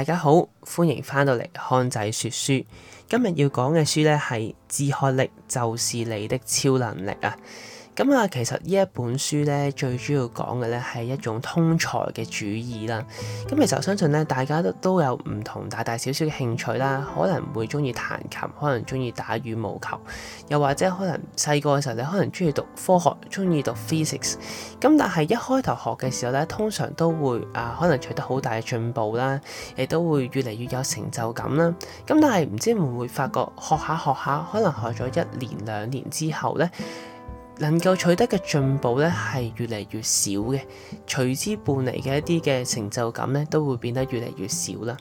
大家好，歡迎返到嚟漢仔說書。今日要講嘅書咧係《自學力就是你的超能力》啊。咁啊，其實呢一本書呢，最主要講嘅呢係一種通才嘅主義啦。咁其實我相信呢，大家都都有唔同大大小小嘅興趣啦。可能會中意彈琴，可能中意打羽毛球，又或者可能細個嘅時候，你可能中意讀科學，中意讀 physics。咁但係一開頭學嘅時候呢，通常都會啊，可能取得好大嘅進步啦，亦都會越嚟越有成就感啦。咁但係唔知會唔會發覺學下學下，可能學咗一年兩年之後呢。能夠取得嘅進步咧係越嚟越少嘅，隨之伴嚟嘅一啲嘅成就感咧，都會變得越嚟越少啦。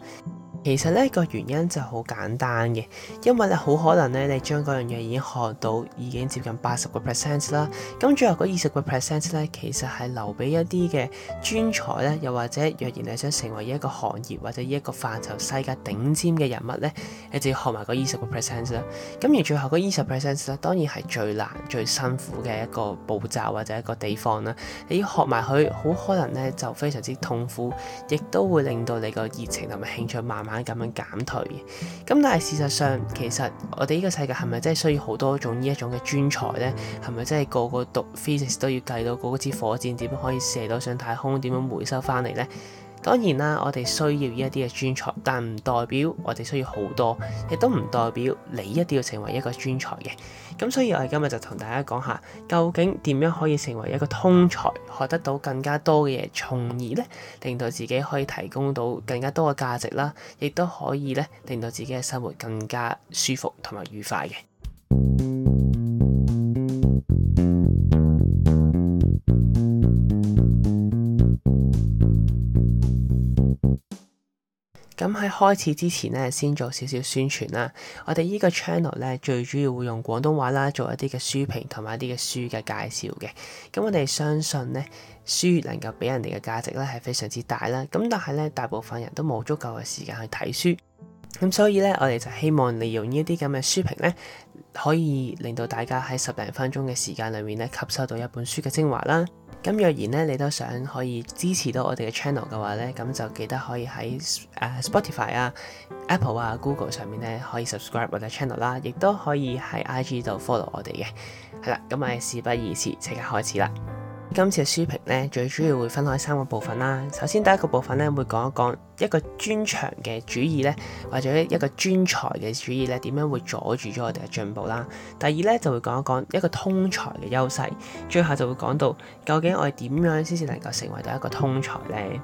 其實呢個原因就好簡單嘅，因為咧好可能咧你將嗰樣嘢已經學到已經接近八十個 percent 啦，咁最後嗰二十個 percent 咧其實係留俾一啲嘅專才咧，又或者若然你想成為一個行業或者一個範疇世界頂尖嘅人物呢，你就要學埋嗰二十個 percent 啦。咁而最後嗰二十 percent 咧當然係最難最辛苦嘅一個步驟或者一個地方啦，你要學埋佢，好可能呢就非常之痛苦，亦都會令到你個熱情同埋興趣慢慢，咁樣減退嘅，咁但係事實上，其實我哋呢個世界係咪真係需要好多種呢一種嘅專才呢？係咪真係個個讀 physics 都要計到嗰支火箭點樣可以射到上太空，點樣回收翻嚟呢？當然啦，我哋需要呢一啲嘅專才，但唔代表我哋需要好多，亦都唔代表你一定要成為一個專才嘅。咁所以，我哋今日就同大家講下，究竟點樣可以成為一個通才，學得到更加多嘅嘢，從而咧令到自己可以提供到更加多嘅價值啦，亦都可以咧令到自己嘅生活更加舒服同埋愉快嘅。開始之前咧，先做少少宣傳啦。我哋呢個 channel 咧，最主要會用廣東話啦，做一啲嘅書評同埋一啲嘅書嘅介紹嘅。咁我哋相信咧，書能夠俾人哋嘅價值咧係非常之大啦。咁但係咧，大部分人都冇足夠嘅時間去睇書。咁所以咧，我哋就希望利用呢啲咁嘅書評咧，可以令到大家喺十零分鐘嘅時間裏面咧，吸收到一本書嘅精華啦。咁若然咧，你都想可以支持到我哋嘅 channel 嘅話咧，咁就記得可以喺誒 Spotify 啊、Apple 啊、Google 上面咧可以 subscribe 我哋 channel 啦，亦都可以喺 IG 度 follow 我哋嘅。係啦，咁咪事不宜遲，即刻開始啦！今次嘅書評咧，最主要會分開三個部分啦。首先第一個部分咧，會講一講一個專長嘅主義咧，或者一個專才嘅主義咧，點樣會阻住咗我哋嘅進步啦。第二咧就會講一講一個通才嘅優勢，最後就會講到究竟我哋點樣先至能夠成為到一個通才咧。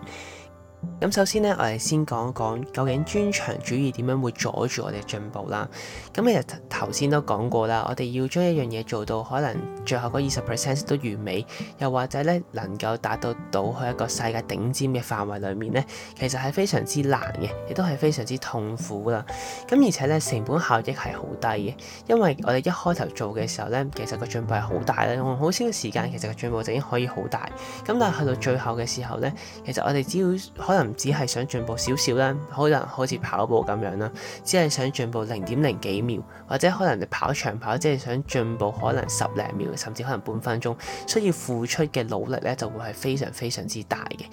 咁首先呢，我哋先講一講究竟專長主義點樣會阻住我哋進步啦。咁其實頭先都講過啦，我哋要將一樣嘢做到可能最後嗰二十 percent 都完美，又或者咧能夠達到到去一個世界頂尖嘅範圍裏面呢，其實係非常之難嘅，亦都係非常之痛苦啦。咁而且呢，成本效益係好低嘅，因為我哋一開頭做嘅時候呢，其實個進步係好大啦，用好少嘅時間，其實個進步就已經可以好大。咁但係去到最後嘅時候呢，其實我哋只要可能只係想進步少少啦，可能好似跑步咁樣啦，只係想進步零點零幾秒，或者可能你跑長跑，即係想進步可能十零秒，甚至可能半分鐘，需要付出嘅努力咧，就會係非常非常之大嘅。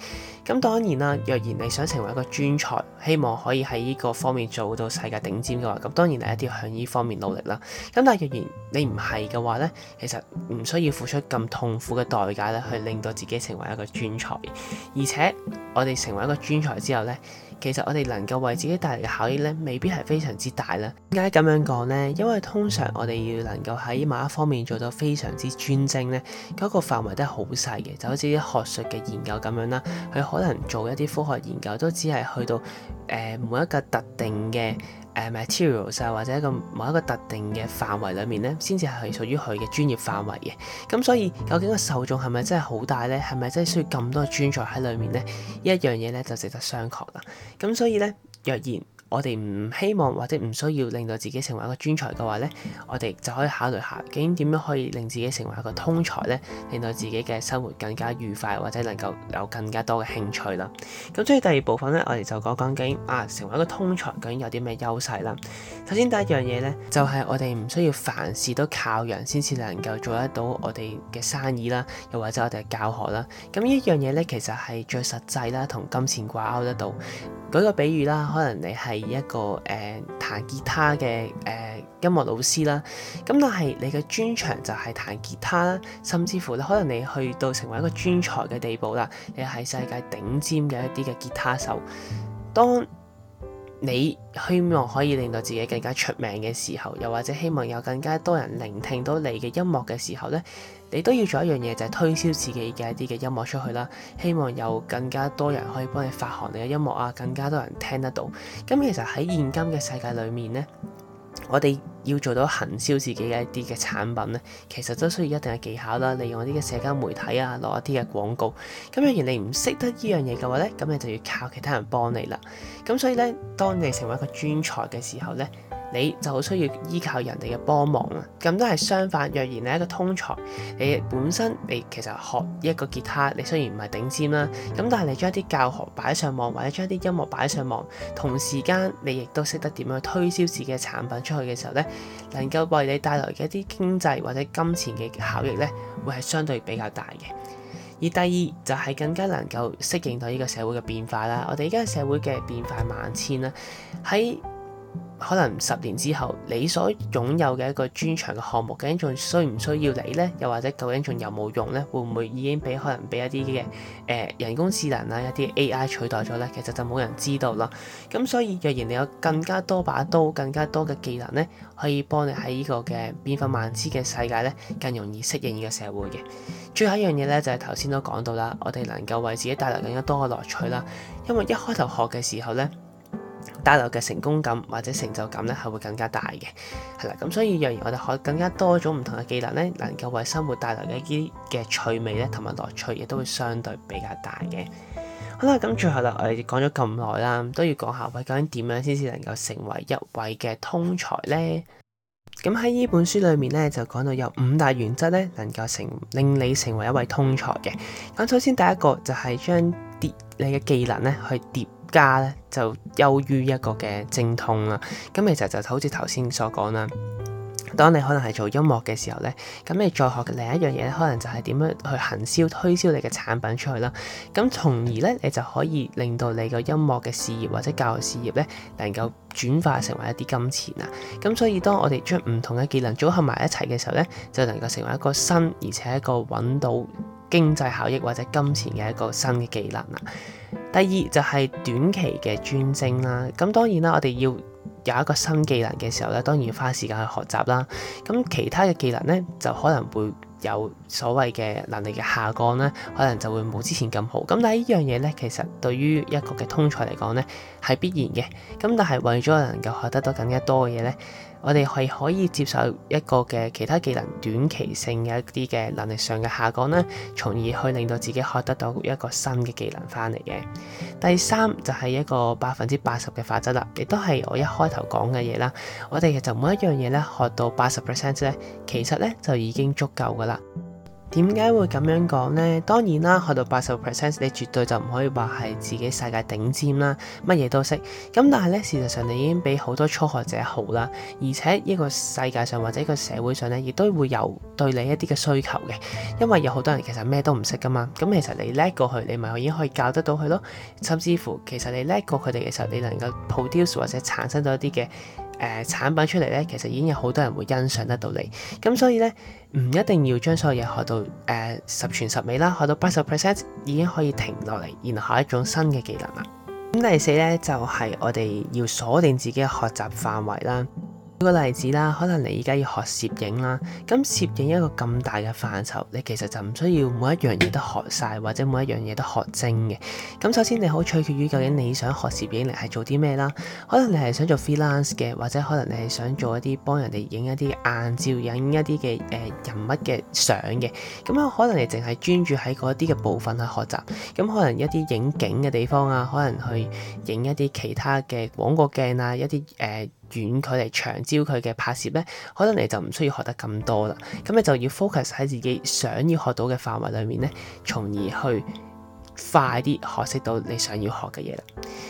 咁當然啦，若然你想成為一個專才，希望可以喺呢個方面做到世界頂尖嘅話，咁當然你一定要向呢方面努力啦。咁但係若然你唔係嘅話咧，其實唔需要付出咁痛苦嘅代價咧，去令到自己成為一個專才，而且我哋成為一個專才之後呢，其實我哋能夠為自己帶嚟嘅效益呢，未必係非常之大啦。點解咁樣講呢？因為通常我哋要能夠喺某一方面做到非常之專精呢，嗰嗰個範圍都係好細嘅。就好似啲學術嘅研究咁樣啦，佢可能做一啲科學研究都只係去到誒、呃、每一個特定嘅。誒 material 就係或者一個某一個特定嘅範圍裏面咧，先至係屬於佢嘅專業範圍嘅。咁所以究竟個受眾係咪真係好大咧？係咪真係需要咁多專才喺裏面咧？呢一樣嘢咧就值得商榷啦。咁所以咧，若然我哋唔希望或者唔需要令到自己成為一個專才嘅話呢，呢我哋就可以考慮下究竟點樣可以令自己成為一個通才呢，令到自己嘅生活更加愉快或者能夠有更加多嘅興趣啦。咁所以第二部分呢，我哋就講講究竟啊成為一個通才究竟有啲咩優勢啦。首先第一樣嘢呢，就係、是、我哋唔需要凡事都靠人先至能夠做得到我哋嘅生意啦，又或者我哋嘅教學啦。咁呢一樣嘢呢，其實係最實際啦，同金錢掛鈎得到。舉個比喻啦，可能你係。一個誒、呃、彈吉他嘅誒、呃、音樂老師啦，咁但係你嘅專長就係彈吉他啦，甚至乎呢可能你去到成為一個專才嘅地步啦，你係世界頂尖嘅一啲嘅吉他手。當你希望可以令到自己更加出名嘅時候，又或者希望有更加多人聆聽到你嘅音樂嘅時候呢。你都要做一樣嘢，就係推銷自己嘅一啲嘅音樂出去啦，希望有更加多人可以幫你發行你嘅音樂啊，更加多人聽得到。咁其實喺現今嘅世界裏面呢，我哋要做到行銷自己嘅一啲嘅產品呢，其實都需要一定嘅技巧啦，利用啲嘅社交媒體啊，落一啲嘅廣告。咁若然你唔識得呢樣嘢嘅話呢，咁你就要靠其他人幫你啦。咁所以呢，當你成為一個專才嘅時候呢。你就好需要依靠人哋嘅幫忙啦，咁都係相反。若然你係一個通才，你本身你其實學一個吉他，你雖然唔係頂尖啦，咁但係你將一啲教學擺上網，或者將一啲音樂擺上網，同時間你亦都識得點樣去推銷自己嘅產品出去嘅時候呢，能夠為你帶來嘅一啲經濟或者金錢嘅效益呢，會係相對比較大嘅。而第二就係、是、更加能夠適應到呢個社會嘅變化啦。我哋而家社會嘅變化萬千啦，喺可能十年之後，你所擁有嘅一個專長嘅項目究竟仲需唔需要你呢？又或者究竟仲有冇用呢？會唔會已經俾可能俾一啲嘅誒人工智能啊一啲 AI 取代咗呢？其實就冇人知道啦。咁所以若然你有更加多把刀、更加多嘅技能呢，可以幫你喺呢個嘅變化萬千嘅世界呢，更容易適應呢個社會嘅。最後一樣嘢呢，就係頭先都講到啦，我哋能夠為自己帶來更加多嘅樂趣啦。因為一開頭學嘅時候呢，帶來嘅成功感或者成就感咧，係會更加大嘅，係啦。咁所以，若然我哋可更加多種唔同嘅技能咧，能夠為生活帶來嘅一啲嘅趣味咧，同埋樂趣，亦都會相對比較大嘅。好啦，咁最後啦，我哋講咗咁耐啦，都要講下，喂，究竟點樣先至能夠成為一位嘅通才呢？咁喺呢本書裏面咧，就講到有五大原則咧，能夠成令你成為一位通才嘅。咁首先第一個就係將疊你嘅技能咧去疊。家咧就優於一個嘅精通啦。咁其實就係，好似頭先所講啦。當你可能係做音樂嘅時候咧，咁你再學另一樣嘢咧，可能就係點樣去行銷推銷你嘅產品出去啦。咁從而咧，你就可以令到你個音樂嘅事業或者教育事業咧，能夠轉化成為一啲金錢啊。咁所以當我哋將唔同嘅技能組合埋一齊嘅時候咧，就能夠成為一個新而且一個揾到經濟效益或者金錢嘅一個新嘅技能啊。第二就係短期嘅專精啦，咁當然啦，我哋要有一個新技能嘅時候咧，當然要花時間去學習啦。咁其他嘅技能咧，就可能會有所謂嘅能力嘅下降咧，可能就會冇之前咁好。咁但係呢樣嘢咧，其實對於一個嘅通才嚟講咧，係必然嘅。咁但係為咗能夠學得到更加多嘅嘢咧。我哋係可以接受一個嘅其他技能短期性嘅一啲嘅能力上嘅下降咧，從而去令到自己學得到一個新嘅技能翻嚟嘅。第三就係一個百分之八十嘅法則啦，亦都係我一開頭講嘅嘢啦。我哋就每一樣嘢咧，學到八十 percent 咧，其實咧就已經足夠噶啦。點解會咁樣講呢？當然啦，去到八十 percent，你絕對就唔可以話係自己世界頂尖啦，乜嘢都識。咁但係咧，事實上你已經比好多初學者好啦，而且呢個世界上或者個社會上咧，亦都會有對你一啲嘅需求嘅，因為有好多人其實咩都唔識噶嘛。咁其實你叻過去，你咪可以可以教得到佢咯。甚至乎，其實你叻過佢哋嘅時候，你能夠 produce 或者產生咗一啲嘅。誒、呃、產品出嚟咧，其實已經有好多人會欣賞得到你，咁所以咧，唔一定要將所有嘢學到誒、呃、十全十美啦，學到八十 percent 已經可以停落嚟，然後學一種新嘅技能啦。咁第四咧就係、是、我哋要鎖定自己嘅學習範圍啦。舉個例子啦，可能你而家要學攝影啦，咁攝影一個咁大嘅範疇，你其實就唔需要每一樣嘢都學晒，或者每一樣嘢都學精嘅。咁首先你好取決於究竟你想學攝影嚟係做啲咩啦，可能你係想做 freelance 嘅，或者可能你係想做一啲幫人哋影一啲硬照，影一啲嘅誒人物嘅相嘅。咁可能你淨係專注喺嗰啲嘅部分去學習，咁可能一啲影景嘅地方啊，可能去影一啲其他嘅廣角鏡啊，一啲誒、呃遠距離長焦佢嘅拍攝咧，可能你就唔需要學得咁多啦。咁你就要 focus 喺自己想要學到嘅範圍裡面咧，從而去快啲學識到你想要學嘅嘢啦。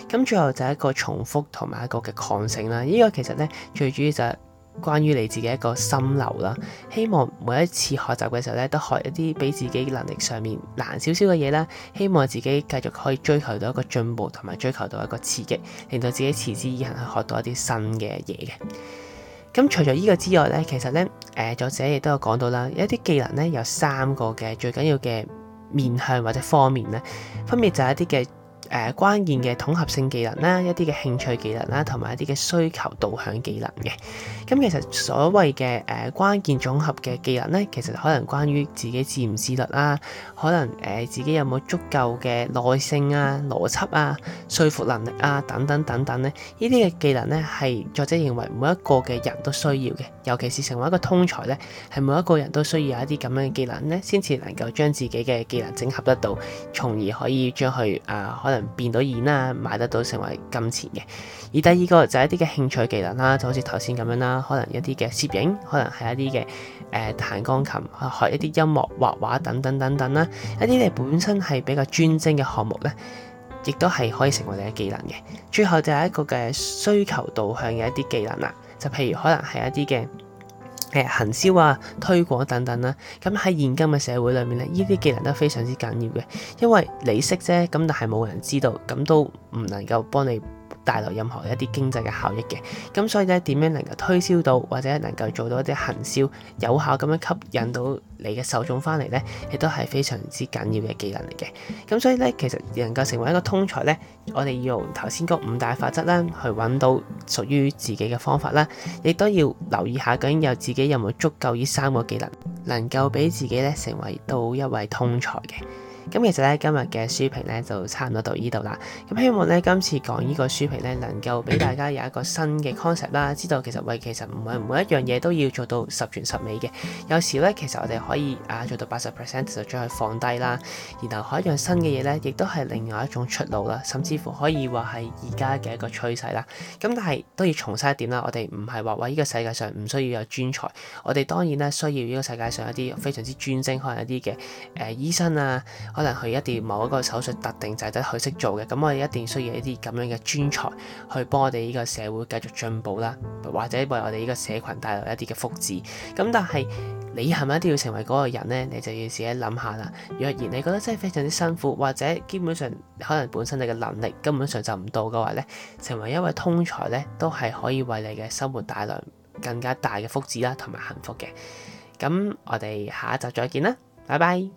咁最後就係一個重複同埋一個嘅抗性啦。呢個其實咧，最主要就係、是。關於你自己一個心流啦，希望每一次學習嘅時候咧，都學一啲比自己能力上面難少少嘅嘢啦。希望自己繼續可以追求到一個進步，同埋追求到一個刺激，令到自己持之以恒去學到一啲新嘅嘢嘅。咁除咗呢個之外咧，其實咧，誒、呃、作者亦都有講到啦，一啲技能咧，有三個嘅最緊要嘅面向或者方面咧，分別就係一啲嘅誒關鍵嘅統合性技能啦，一啲嘅興趣技能啦，同埋一啲嘅需求導向技能嘅。咁其實所謂嘅誒關鍵總合嘅技能呢，其實可能關於自己自唔自律啦、啊，可能誒、呃、自己有冇足夠嘅耐性啊、邏輯啊、說服能力啊等等等等呢。呢啲嘅技能呢，係作者認為每一個嘅人都需要嘅，尤其是成為一個通才呢，係每一個人都需要有一啲咁樣嘅技能呢，先至能夠將自己嘅技能整合得到，從而可以將佢誒可能變到現啊，賣得到成為金錢嘅。而第二個就係一啲嘅興趣技能啦，就好似頭先咁樣啦。可能一啲嘅攝影，可能係一啲嘅誒彈鋼琴，學一啲音樂、畫畫等等等等啦、啊。一啲你本身係比較專精嘅項目咧，亦都係可以成為你嘅技能嘅。最後就係一個嘅需求導向嘅一啲技能啦、啊，就譬如可能係一啲嘅誒行銷啊、推廣等等啦、啊。咁喺現今嘅社會裏面咧，呢啲技能都非常之緊要嘅，因為你識啫，咁但係冇人知道，咁都唔能夠幫你。帶來任何一啲經濟嘅效益嘅，咁所以咧，點樣能夠推銷到，或者能夠做到一啲行銷，有效咁樣吸引到你嘅受眾翻嚟呢，亦都係非常之緊要嘅技能嚟嘅。咁所以咧，其實能夠成為一個通才呢，我哋要用頭先嗰五大法則啦，去揾到屬於自己嘅方法啦，亦都要留意下究竟有自己有冇足夠呢三個技能，能夠俾自己咧成為到一位通才嘅。咁其實咧，今日嘅書評咧就差唔多到呢度啦。咁希望咧，今次講呢個書評咧，能夠俾大家有一個新嘅 concept 啦，知道其實喂，其實唔係每一樣嘢都要做到十全十美嘅。有時咧，其實我哋可以啊做到八十 percent 就將佢放低啦。然後，學一樣新嘅嘢咧，亦都係另外一種出路啦，甚至乎可以話係而家嘅一個趨勢啦。咁但係都要重申一點啦，我哋唔係話話呢個世界上唔需要有專才，我哋當然咧需要呢個世界上一啲非常之專精可能一啲嘅誒醫生啊。可能佢一定某一個手術特定就係得佢識做嘅，咁我哋一定需要一啲咁樣嘅專才去幫我哋呢個社會繼續進步啦，或者為我哋呢個社群帶來一啲嘅福祉。咁但係你係咪一定要成為嗰個人呢？你就要自己諗下啦。若然你覺得真係非常之辛苦，或者基本上可能本身你嘅能力根本上就唔到嘅話呢，成為一位通才呢，都係可以為你嘅生活帶來更加大嘅福祉啦，同埋幸福嘅。咁我哋下一集再見啦，拜拜。